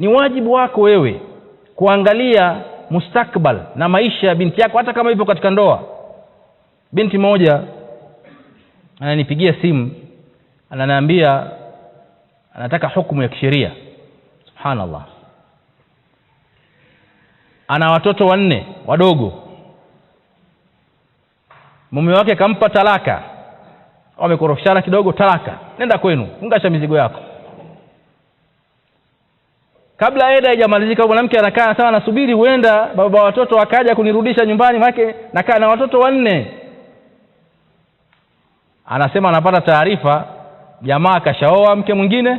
ni wajibu wako wewe kuangalia mustakbal na maisha ya binti yako hata kama ipo katika ndoa binti moja ananipigia simu ananiambia anataka hukumu ya kisheria subhanallah ana watoto wanne wadogo mume wake akampa talaka wamekorofishana kidogo talaka nenda kwenu fungasha mizigo yako kabla eda haijamalizika mwanamke anakaa anasema nasubiri huenda baba watoto akaja kunirudisha nyumbani maanake nakaa na watoto wanne anasema anapata taarifa jamaa akashaoa mke mwingine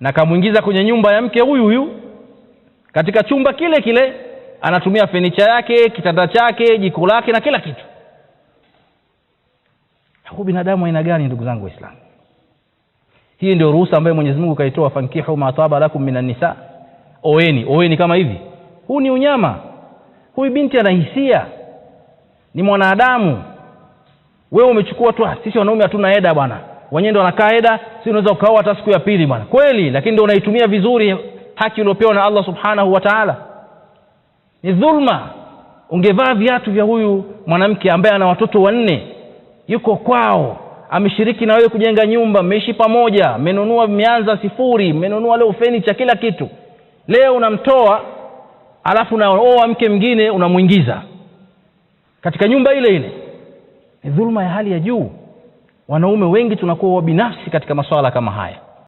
na kamwingiza kwenye nyumba ya mke huyu huyu katika chumba kile kile anatumia fenicha yake kitanda chake jiko lake na kila kitu huyu binadamu aina gani ndugu zangu waislamu hii ndio ruhusa ambayo Mwenyezi Mungu kaitoa, fankihu ma taba lakum minan nisa, oeni oeni kama hivi. Huu ni unyama. Huyu binti ana hisia, ni mwanadamu. Wewe umechukua tu, ah, sisi wanaume hatuna eda bwana, wenyewe ndio wanakaa eda, si unaweza ukaoa hata siku ya pili bwana. Kweli, lakini ndio unaitumia vizuri haki uliopewa na Allah subhanahu wa taala. Ni dhulma. Ungevaa viatu vya huyu mwanamke ambaye ana watoto wanne, yuko kwao ameshiriki na wewe kujenga nyumba, mmeishi pamoja, mmenunua, mmeanza sifuri, mmenunua leo fenicha, kila kitu. Leo unamtoa alafu unaoa mke mwingine, unamwingiza katika nyumba ile ile. Ni dhuluma ya hali ya juu. Wanaume wengi tunakuwa wabinafsi katika masuala kama haya.